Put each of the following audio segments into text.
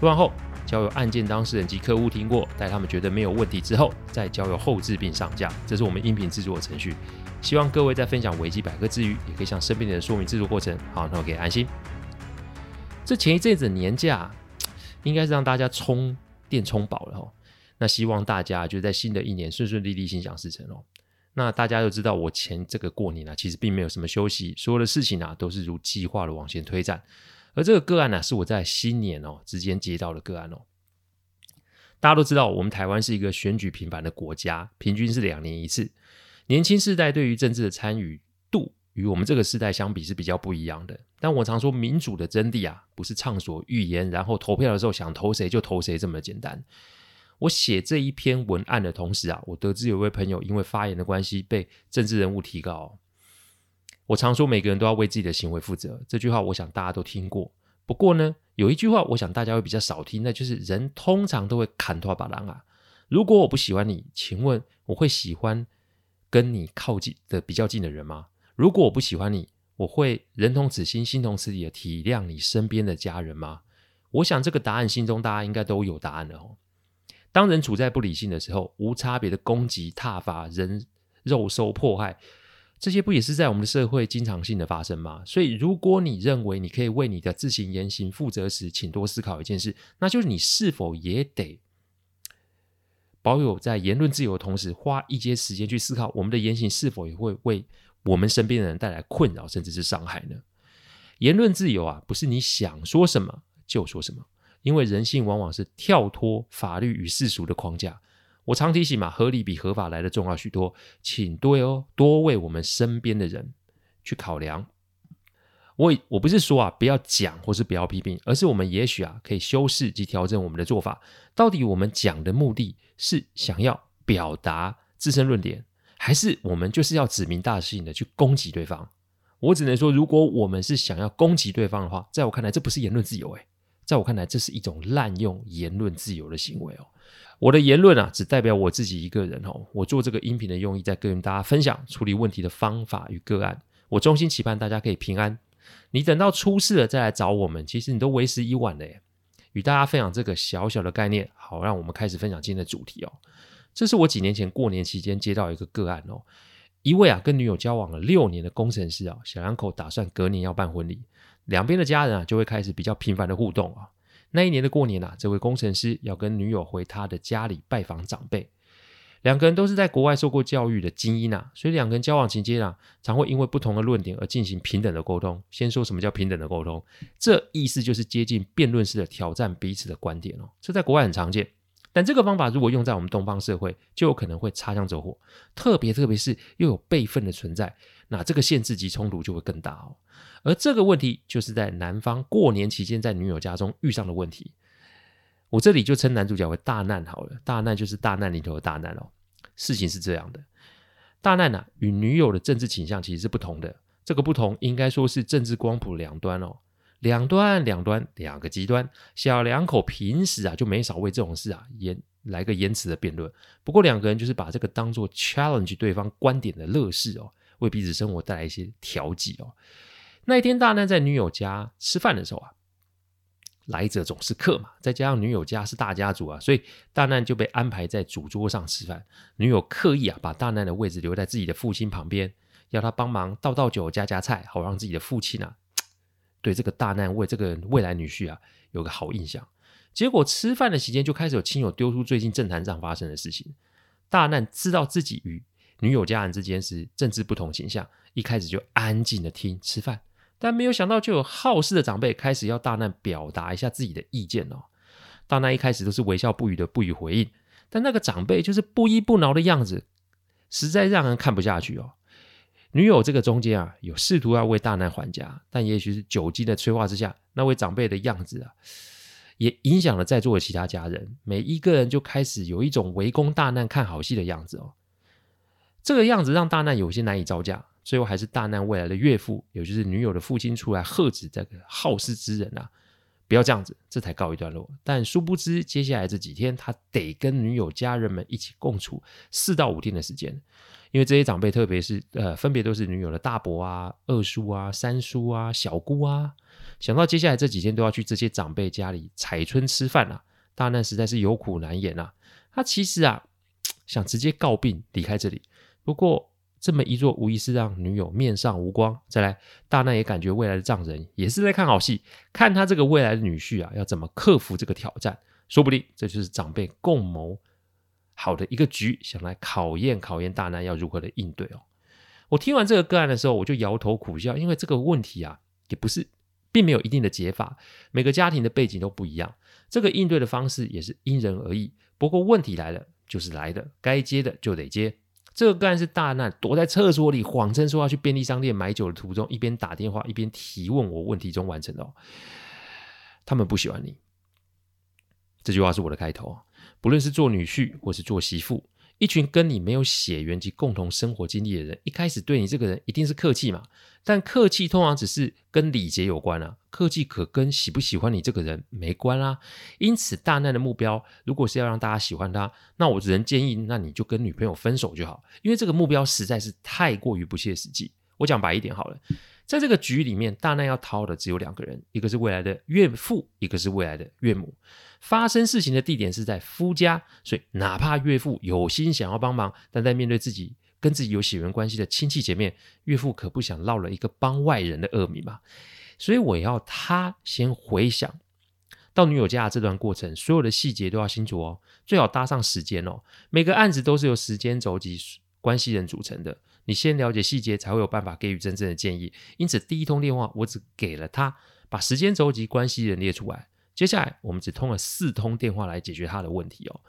錄完後，交由案件當事人及客戶聽過，待他們覺得沒有問題之後，再交由後製並上架。這是我們音頻制作的程序。希望各位在分享危機百科之餘，也可以向身邊的人說明制作過程。好，那我可以安心。這前一陣子的年假，應該是讓大家充電充飽了、哦、那希望大家就在新的一年順順利利、心想事成哦。那大家都知道，我前這個過年呢、啊，其實並沒有什麼休息，所有的事情啊，都是如計劃的往前推展。而這個個案呢、啊，是我在新年哦之間接，接到的個案哦。大家都知道，我們台灣是一個選舉頻繁的國家，平均是兩年一次。年輕世代對於政治的參與度，與我們這個世代相比是比較不一樣的。但我常說，民主的真諦啊，不是暢所欲言，然後投票的時候想投誰就投誰這麼簡單。我寫這一篇文案的同時啊，我得知有位朋友因為發言的關係被政治人物提告、哦。我常說，每個人都要為自己的行為負責。這句話，我想大家都聽過。不過呢，有一句話，我想大家會比較少聽，那就是“人通常都會砍頭把狼啊”。如果我不喜歡你，請問我會喜歡跟你靠近的比較近的人嗎？如果我不喜歡你，我會人同此心，心同此理的體諒你身邊的家人嗎？我想這個答案，心中大家應該都有答案了哦。當人處在不理性的時候，無差別的攻擊、撻伐、人肉搜迫害。這些不也是在我們的社會經常性的發生嗎？所以，如果你認為你可以為你的自行言行負責時，請多思考一件事，那就是你是否也得保有在言論自由的同時，花一些時間去思考，我們的言行是否也會為我們身邊的人帶來困擾，甚至是傷害呢？言論自由啊，不是你想說什麼就說什麼，因為人性往往是跳脫法律與世俗的框架。我常提醒嘛，合理比合法來的重要許多，請多哦，多為我們身邊的人去考量。我我不是說啊，不要講或是不要批評，而是我們也許啊，可以修飾及調整我們的做法。到底我們講的目的是想要表達自身論點，還是我們就是要指名道姓的去攻擊對方？我只能說，如果我們是想要攻擊對方的話，在我看來，這不是言論自由哎、欸，在我看來，這是一種濫用言論自由的行為哦。我的言論啊，只代表我自己一個人哦。我做這個音頻的用意，在跟大家分享處理問題的方法與個案。我衷心期盼大家可以平安。你等到出事了再來找我們，其實你都為時已晚了耶。與大家分享這個小小的概念，好，讓我們開始分享今天的主題哦。這是我幾年前過年期間接到一個個案哦，一位啊跟女友交往了六年的工程師啊，小兩口打算隔年要辦婚禮，兩邊的家人啊就會開始比較頻繁的互動啊。那一年的過年吶、啊，這位工程師要跟女友回他的家裡拜訪長輩。兩個人都是在國外受過教育的精英吶、啊，所以兩個人交往期間啊，常會因為不同的論點而進行平等的溝通。先說什麼叫平等的溝通？這意思就是接近辯論式的挑戰彼此的觀點哦，這在國外很常見。但這個方法如果用在我們東方社會，就有可能會擦槍走火，特別特別是又有輩分的存在，那這個限制及衝突就會更大哦。而這個問題就是在男方過年期間在女友家中遇上的問題，我這裡就稱男主角為大難好了。大難就是大難臨頭的大難哦。事情是這樣的，大難呢、啊、與女友的政治傾向其實是不同的，這個不同應該說是政治光譜兩端哦。兩端，兩端，兩個極端。小兩口平時啊，就沒少為這種事啊，言來個言辭的辯論。不過兩個人就是把這個當做 challenge 對方觀點的樂事哦，為彼此生活帶來一些調劑哦。那一天，大難在女友家吃飯的時候啊，來者總是客嘛，再加上女友家是大家族啊，所以大難就被安排在主桌上吃飯。女友刻意啊，把大難的位置留在自己的父親旁邊，要他幫忙倒倒酒、夾夾菜，好讓自己的父親啊。對這個大難為這個未來女婿啊，有個好印象。結果吃飯的時間就開始有親友丟出最近政壇上發生的事情。大難知道自己與女友家人之間是政治不同形象，一開始就安靜的聽吃飯，但沒有想到就有好事的長輩開始要大難表達一下自己的意見哦。大難一開始都是微笑不語的不予回應，但那個長輩就是不依不饒的樣子，實在讓人看不下去哦。女友這個中間啊，有試圖要為大難緩頰，但也許是酒精的催化之下，那位長輩的樣子啊，也影響了在座的其他家人，每一個人就開始有一種圍攻大難看好戲的樣子哦。這個樣子讓大難有些難以招架，最後還是大難未來的岳父，也就是女友的父親出來喝止這個好事之人啊，不要這樣子，這才告一段落。但殊不知，接下來這幾天他得跟女友家人們一起共處四到五天的時間。因為這些長輩，特別是呃，分別都是女友的大伯啊、二叔啊、三叔啊、小姑啊。想到接下來這幾天都要去這些長輩家裡踩春吃飯啊，大難實在是有苦難言啊。他其實啊，想直接告病離開這裡。不過這麼一做，無疑是讓女友面上無光。再來，大難也感覺未來的丈人也是在看好戲，看他這個未來的女婿啊，要怎麼克服這個挑戰。說不定這就是長輩共謀。好的一個局，想來考驗考驗大難要如何的應對哦。我聽完這個個案的時候，我就搖頭苦笑，因為這個問題啊，也不是並沒有一定的解法。每個家庭的背景都不一樣，這個應對的方式也是因人而異。不過問題來了，就是來的，該接的就得接。這個個案是大難躲在廁所裡，謊稱說要去便利商店買酒的途中，一邊打電話一邊提問我問題中完成的哦。他們不喜歡你，這句話是我的開頭。不論是做女婿或是做媳婦，一群跟你沒有血緣及共同生活經歷的人，一開始對你這個人一定是客氣嘛。但客氣通常只是跟禮節有關啊，客氣可跟喜不喜歡你這個人沒關啊。因此，大難的目標如果是要讓大家喜歡他，那我只能建議，那你就跟女朋友分手就好，因為這個目標實在是太過於不切實際。我講白一點好了。嗯在這個局裡面，大難要逃的只有兩個人，一個是未來的岳父，一個是未來的岳母。發生事情的地點是在夫家，所以哪怕岳父有心想要幫忙，但在面對自己跟自己有血緣關係的親戚姐妹，岳父可不想落了一個幫外人的惡名嘛。所以我要他先回想到女友家的這段過程，所有的細節都要清楚哦，最好搭上時間哦。每個案子都是由時間軸及關係人組成的。你先了解細節，才會有辦法給予真正的建議。因此，第一通電話我只給了他把時間軸及關係人列出來。接下來，我們只通了四通電話來解決他的問題哦。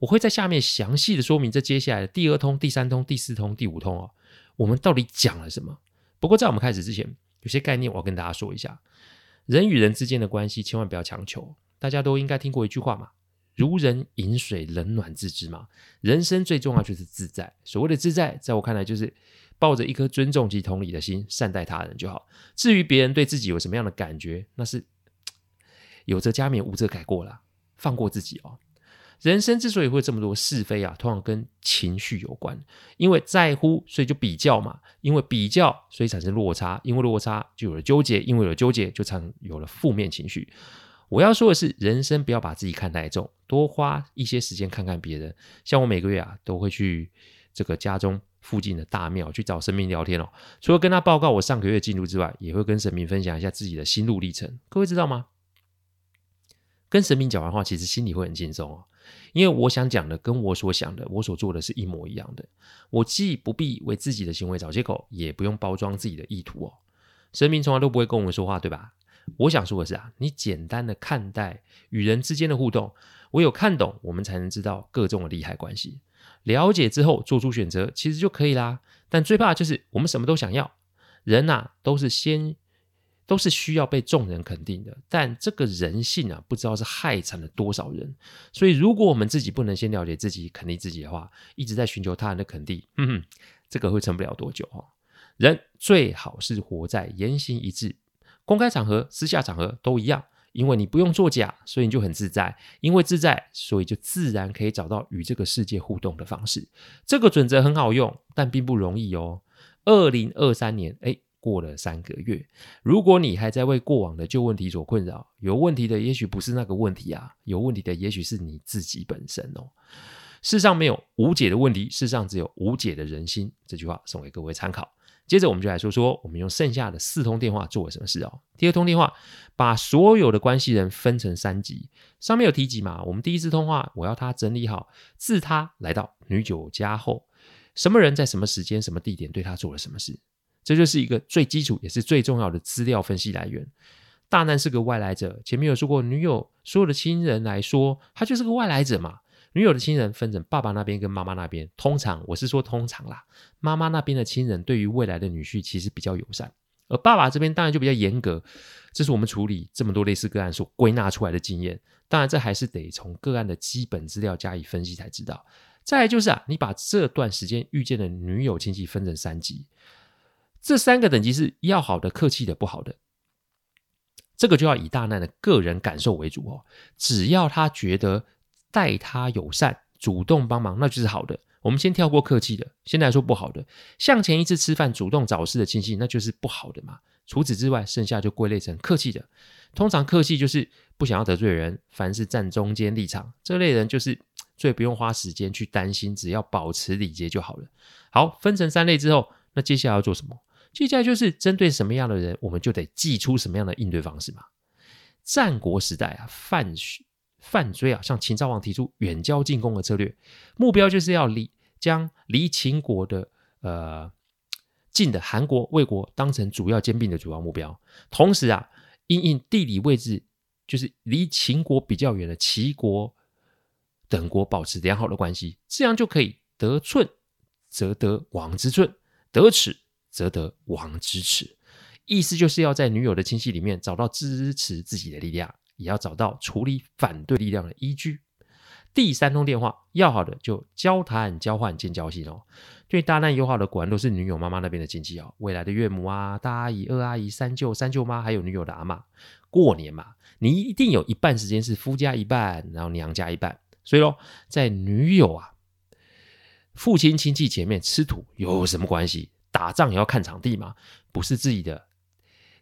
我會在下面詳細的說明這接下來的第二通、第三通、第四通、第五通哦，我們到底講了什麼？不過在我們開始之前，有些概念我要跟大家說一下：人與人之間的關係千萬不要強求。大家都應該聽過一句話嘛？如人飲水，冷暖自知嘛。人生最重要的就是自在。所謂的自在，在我看來，就是抱着一顆尊重及同理的心，善待他人就好。至於別人對自己有什麼樣的感覺，那是有則加勉，無則改過啦。放過自己哦。人生之所以會這麼多是非啊，通常跟情緒有關。因為在乎，所以就比較嘛；因為比較，所以產生落差；因為落差，就有了糾結；因為有了糾結，就常有了負面情緒。我要說的是，人生不要把自己看太重，多花一些時間看看別人。像我每個月啊，都會去這個家中附近的大廟去找神明聊天哦。除了跟他報告我上個月進度之外，也會跟神明分享一下自己的心路歷程。各位知道嗎？跟神明講完話，其實心裡會很輕鬆哦，因為我想講的跟我所想的、我所做的是一模一樣的。我既不必為自己的行為找借口，也不用包裝自己的意圖哦。神明從來都不會跟我們說話，對吧？我想說的是啊，你簡單的看待與人之間的互動，唯有看懂，我們才能知道各種的利害關係。了解之後做出選擇，其實就可以啦。但最怕的就是我們什麼都想要。人吶、啊，都是先都是需要被眾人肯定的。但這個人性啊，不知道是害慘了多少人。所以，如果我們自己不能先了解自己、肯定自己的話，一直在尋求他人的肯定，嗯哼，這個會撐不了多久哦。人最好是活在言行一致。公開場合、私下場合都一樣，因為你不用作假，所以你就很自在。因為自在，所以就自然可以找到與這個世界互動的方式。這個準則很好用，但並不容易哦。二零二三年，哎，過了三個月，如果你還在為過往的舊問題所困擾，有問題的也許不是那個問題啊，有問題的也許是你自己本身哦。世上沒有無解的問題，世上只有無解的人心，這句話送給各位參考。接着我們就來說說，我們用剩下的四通電話做了什麼事哦。第二通電話，把所有的關係人分成三級。上面有提及嘛？我們第一次通話，我要他整理好，自他來到女友家後，什麼人在什麼時間、什麼地點對他做了什麼事。這就是一個最基礎也是最重要的資料分析來源。大男是個外來者，前面有說過，女友所有的親人來說，他就是個外來者嘛。女友的親人分成爸爸那邊跟媽媽那邊，通常我是說通常啦，媽媽那邊的親人對於未來的女婿其實比較友善，而爸爸這邊當然就比較嚴格，這是我們處理這麼多類似個案所歸納出來的經驗。當然，這還是得從個案的基本資料加以分析才知道。再來就是啊，你把這段時間遇見的女友親戚分成三級，這三個等級是要好的、客氣的、不好的，這個就要以大難的個人感受為主哦，只要他覺得。待他友善，主動幫忙，那就是好的。我們先跳過客氣的，現在來說不好的。向前一次吃飯，主動找事的親戚，那就是不好的嘛。除此之外，剩下就歸類成客氣的。通常客氣就是不想要得罪人，凡事站中間立場，這類人，就是最不用花時間去擔心，只要保持禮節就好了。好，分成三類之後，那接下來要做什麼？接下來就是針對什麼樣的人，我們就得祭出什麼樣的應對方式嘛。戰國時代啊，范雎范雎啊，向秦昭王提出遠交近攻的策略，目標就是要離將離秦國的呃近的韓國、魏國當成主要兼併的主要目標，同時啊，因應地理位置，就是離秦國比較遠的齊國等國保持良好的關係，這樣就可以得寸則得王之寸，得尺則得王之尺，意思就是要在女友的親戚裡面找到支持自己的力量。也要找到處理反對力量的依據。第三通電話，要好的就交談交換建交係哦。對，大難有好的，果然都是女友媽媽那邊的親戚哦，未來的岳母啊，大阿姨、二阿姨、三舅、三舅媽，還有女友的阿嬤。過年嘛，你一定有一半時間是夫家一半，然後娘家一半。所以嘍，在女友啊、父親親戚前面吃土有什麼關係？打仗也要看場地嘛，不是自己的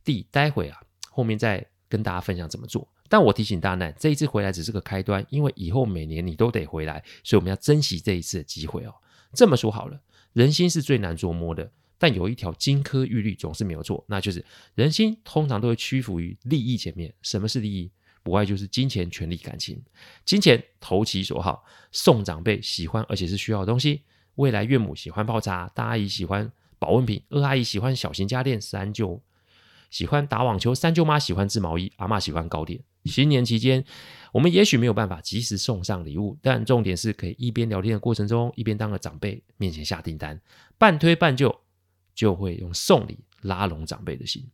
地，待會啊，後面再跟大家分享怎麼做。但我提醒大家，這一次回來只是個開端，因為以後每年你都得回來，所以我們要珍惜這一次的機會哦。這麼說好了，人心是最難琢磨的，但有一條金科玉律總是沒有錯，那就是人心通常都會屈服於利益前面。什麼是利益？不外就是金錢、權力、感情。金錢投其所好，送長輩喜歡而且是需要的東西。未來岳母喜歡泡茶，大阿姨喜歡保溫瓶，二阿姨喜歡小型家電，三舅。喜歡打網球，三舅媽喜歡織毛衣，阿嬤喜歡糕點。新年期間，我們也許沒有辦法及時送上禮物，但重點是可以一邊聊天的過程中，一邊當著長輩面前下訂單，半推半就，就會用送禮拉攏長輩的心。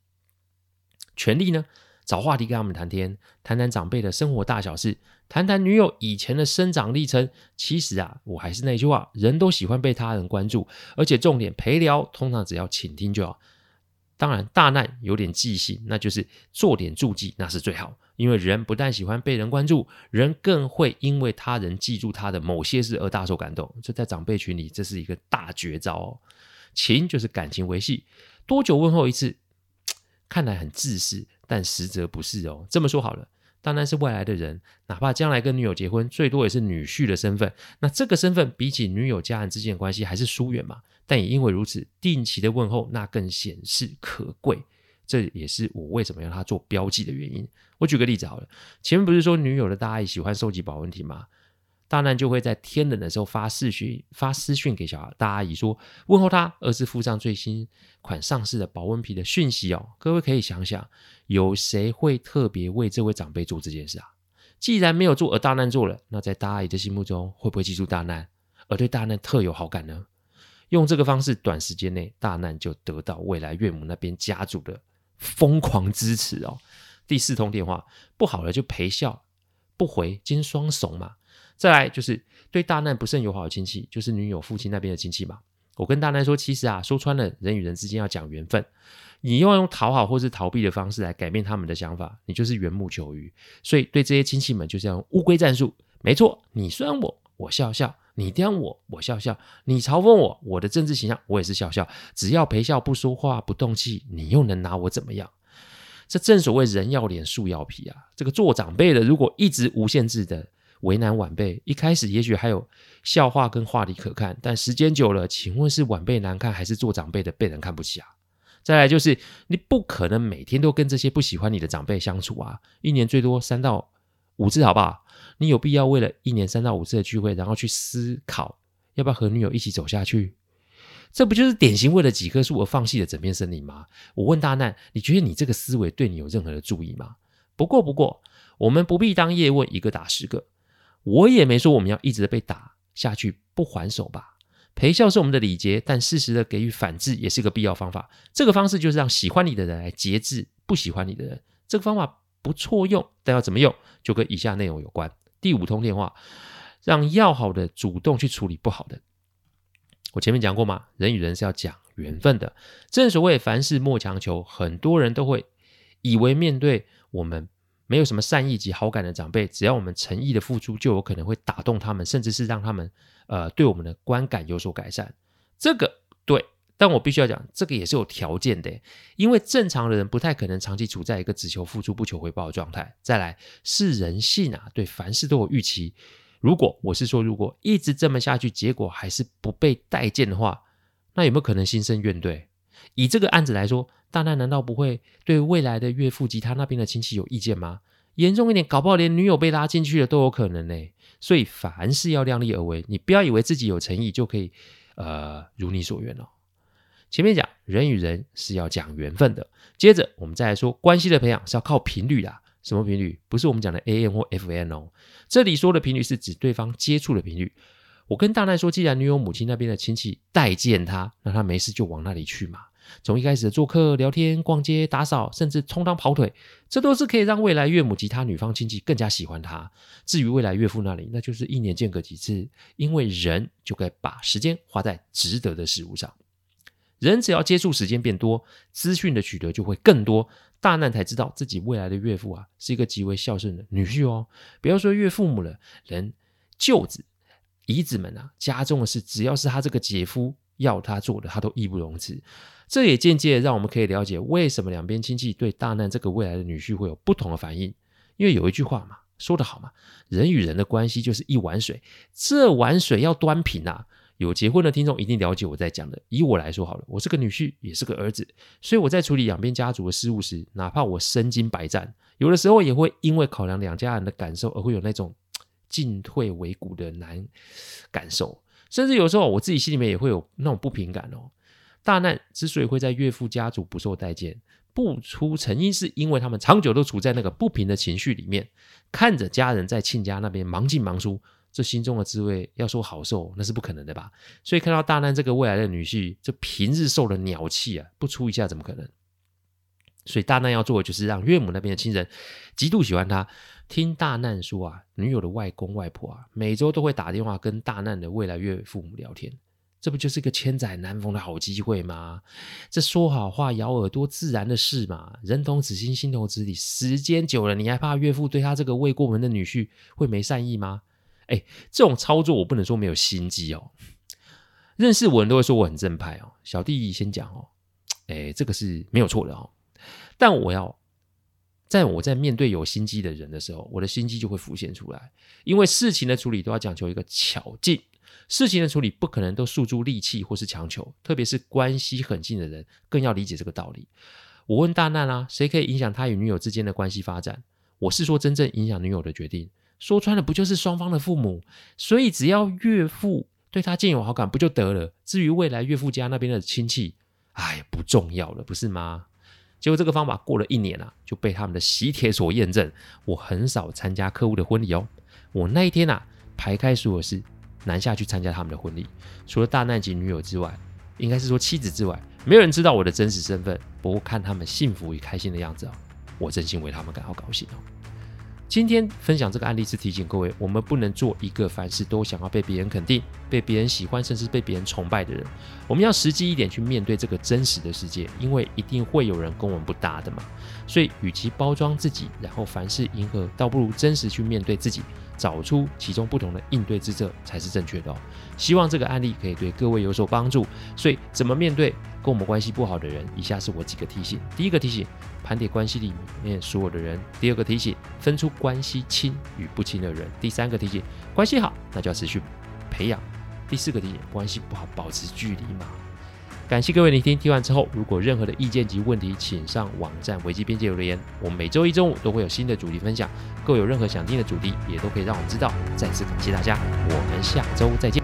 全力呢，找話題跟他們談天，談談長輩的生活大小事，談談女友以前的生長歷程。其實啊，我還是那句話，人都喜歡被他人關注，而且重點陪聊，通常只要傾聽就好。當然，大難有點記性，那就是做點助記，那是最好。因為人不但喜歡被人關注，人更會因為他人記住他的某些事而大受感動。這在長輩群裡，這是一個大絕招哦。情就是感情維繫，多久問候一次？看來很自私，但實則不是哦。這麼說好了。當然是外來的人，哪怕將來跟女友結婚，最多也是女婿的身份。那這個身份比起女友家人之間的關係，還是疏遠嘛。但也因為如此，定期的問候，那更顯示可貴。這也是我為什麼要他做標記的原因。我舉個例子好了，前面不是說女友的大姨喜歡收集保溫瓶嗎？大難就會在天冷的時候發私訊，發私訊給小孩大阿姨說問候他，而是附上最新款上市的保溫瓶的訊息哦。各位可以想想，有誰會特別為這位長輩做這件事啊？既然沒有做，而大難做了，那在大阿姨的心目中，會不會記住大難，而對大難特有好感呢？用這個方式，短時間內大難就得到未來岳母那邊家族的瘋狂支持哦。第四通電話，不好了，就陪笑不回，金雙慫嘛。再來就是對大難不甚友好的親戚，就是女友父親那邊的親戚嘛。我跟大難說，其實啊，說穿了，人與人之間要講緣分，你要用討好或是逃避的方式來改變他們的想法，你就是緣木求魚。所以對這些親戚們，就是要用烏龜戰術。沒錯，你酸我，我笑笑；你刁我，我笑笑；你嘲諷我，我的政治形象我也是笑笑。只要陪笑不說話不動氣，你又能拿我怎麼樣？這正所謂人要臉樹要皮啊。這個做長輩的，如果一直無限制的。為難晚輩，一開始也許還有笑話跟話題可看，但時間久了，請問是晚輩難看，還是做長輩的被人看不起啊？再來就是，你不可能每天都跟這些不喜歡你的長輩相處啊，一年最多三到五次，好不好？你有必要為了一年三到五次的聚會，然後去思考要不要和女友一起走下去？這不就是典型為了幾棵樹而放棄的整片森林嗎？我問大難，你覺得你這個思維對你有任何的助益嗎？不過不過，我們不必當葉問一個打十個。我也沒說我們要一直的被打下去不還手吧，陪笑是我們的禮節，但適時的給予反制也是一個必要方法。這個方式就是讓喜歡你的人來節制不喜歡你的人，這個方法不錯用，但要怎麼用就跟以下內容有關。第五通電話，讓要好的主動去處理不好的。我前面講過嘛，人與人是要講緣分的，正所謂凡事莫強求，很多人都會以為面對我們。沒有什麼善意及好感的長輩，只要我們誠意的付出，就有可能會打動他們，甚至是讓他們，呃，對我們的觀感有所改善。這個對，但我必須要講，這個也是有條件的，因為正常的人不太可能長期處在一個只求付出不求回報的狀態。再來是人性啊，對，凡事都有預期。如果我是說，如果一直這麼下去，結果還是不被待見的話，那有沒有可能心生怨懟？以這個案子來說。大奈難道不會對未來的岳父及他那邊的親戚有意見嗎？嚴重一點，搞不好連女友被拉進去了都有可能呢。所以凡事要量力而為，你不要以為自己有誠意就可以，呃，如你所願哦。前面講人與人是要講緣分的，接着我們再來說關係的培養是要靠頻率啦。什麼頻率？不是我們講的 A M 或 F N 哦。這裡說的頻率是指對方接觸的頻率。我跟大奈說，既然女友母親那邊的親戚待見他，那他沒事就往那裡去嘛。從一開始的做客、聊天、逛街、打掃，甚至充當跑腿，這都是可以讓未來岳母及他女方親戚更加喜歡他。至於未來岳父那裡，那就是一年見個幾次，因為人就該把時間花在值得的事物上。人只要接觸時間變多，資訊的取得就會更多。大難才知道自己未來的岳父啊，是一個極為孝順的女婿哦。不要說岳父母了，人舅子、姨子們啊，家中的事，只要是他這個姐夫，要他做的，他都義不容辭。這也間接讓我們可以了解為什麼兩邊親戚對大難這個未來的女婿會有不同的反應。因為有一句話嘛，說得好嘛，人與人的關係就是一碗水，這碗水要端平吶、啊。有結婚的聽眾一定了解我在講的。以我來說好了，我是個女婿，也是個兒子，所以我在處理兩邊家族的事務時，哪怕我身經百戰，有的時候也會因為考量兩家人的感受而會有那種進退維谷的難感受。甚至有時候，我自己心裡面也會有那種不平感哦。大難之所以會在岳父家族不受待見、不出成因，是因為他們長久都處在那個不平的情緒裡面，看着家人在親家那邊忙進忙出，這心中的滋味，要說好受，那是不可能的吧？所以看到大難這個未來的女婿，這平日受了鳥氣啊，不出一下怎麼可能？所以大難要做的就是讓岳母那邊的親人極度喜歡他。聽大難說啊，女友的外公外婆啊，每週都會打電話跟大難的未來岳父母聊天，這不就是個千載難逢的好機會嗎？這說好話、咬耳朵，自然的事嘛。人同此心，心同此理，時間久了，你還怕岳父對他這個未過門的女婿會沒善意嗎？哎，這種操作我不能說沒有心機哦。認識我人都會說我很正派哦，小弟先講哦，哎，這個是沒有錯的哦。但我要，在我在面對有心機的人的時候，我的心機就會浮現出來。因為事情的處理都要講求一個巧勁，事情的處理不可能都訴諸力氣或是強求，特別是關係很近的人，更要理解這個道理。我問大難啊，誰可以影響他與女友之間的關係發展？我是說，真正影響女友的決定，說穿了不就是雙方的父母？所以只要岳父對他漸有好感，不就得了？至於未來岳父家那邊的親戚，哎，不重要了，不是嗎？結果這個方法，過了一年啊，就被他們的喜帖所驗證。我很少參加客戶的婚禮哦。我那一天啊，排開所有事，南下去參加他們的婚禮。除了大難及女友之外，應該是說妻子之外，沒有人知道我的真實身份。不過看他們幸福與開心的樣子哦，我真心為他們感到高興哦。今天分享這個案例是提醒各位，我們不能做一個凡事都想要被別人肯定、被別人喜歡，甚至被別人崇拜的人。我們要實際一點去面對這個真實的世界，因為一定會有人跟我們不搭的嘛。所以，與其包裝自己，然後凡事迎合，倒不如真實去面對自己，找出其中不同的應對之策才是正確的哦。希望這個案例可以對各位有所幫助。所以，怎麼面對跟我們關係不好的人？以下是我幾個提醒。第一個提醒。盤點關係裡面所有的人。第二個提醒，分出關係親與不親的人。第三個提醒，關係好，那就要持續培養。第四個提醒，關係不好，保持距離嘛。感謝各位聆聽，聽完之後，如果任何的意見及問題，請上網站危機邊界留言。我們每周一中午都會有新的主題分享，各位有任何想聽的主題，也都可以讓我知道。再次感謝大家，我們下周再見。